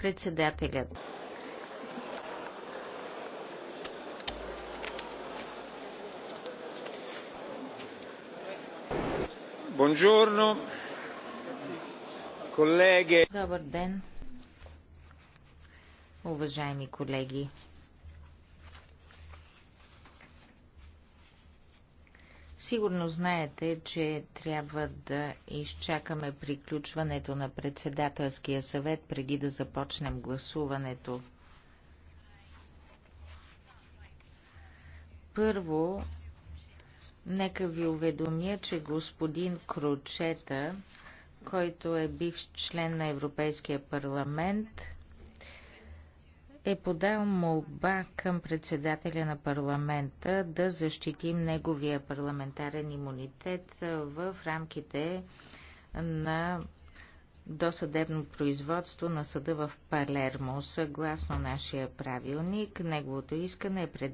Председателят. Бонжурно. колеги. Добър ден, уважаеми колеги. Сигурно знаете, че трябва да изчакаме приключването на председателския съвет преди да започнем гласуването. Първо, нека ви уведомя, че господин Кручета, който е бив член на Европейския парламент, е подал молба към председателя на парламента да защитим неговия парламентарен имунитет в рамките на досъдебно производство на съда в Палермо. Съгласно нашия правилник, неговото искане е пред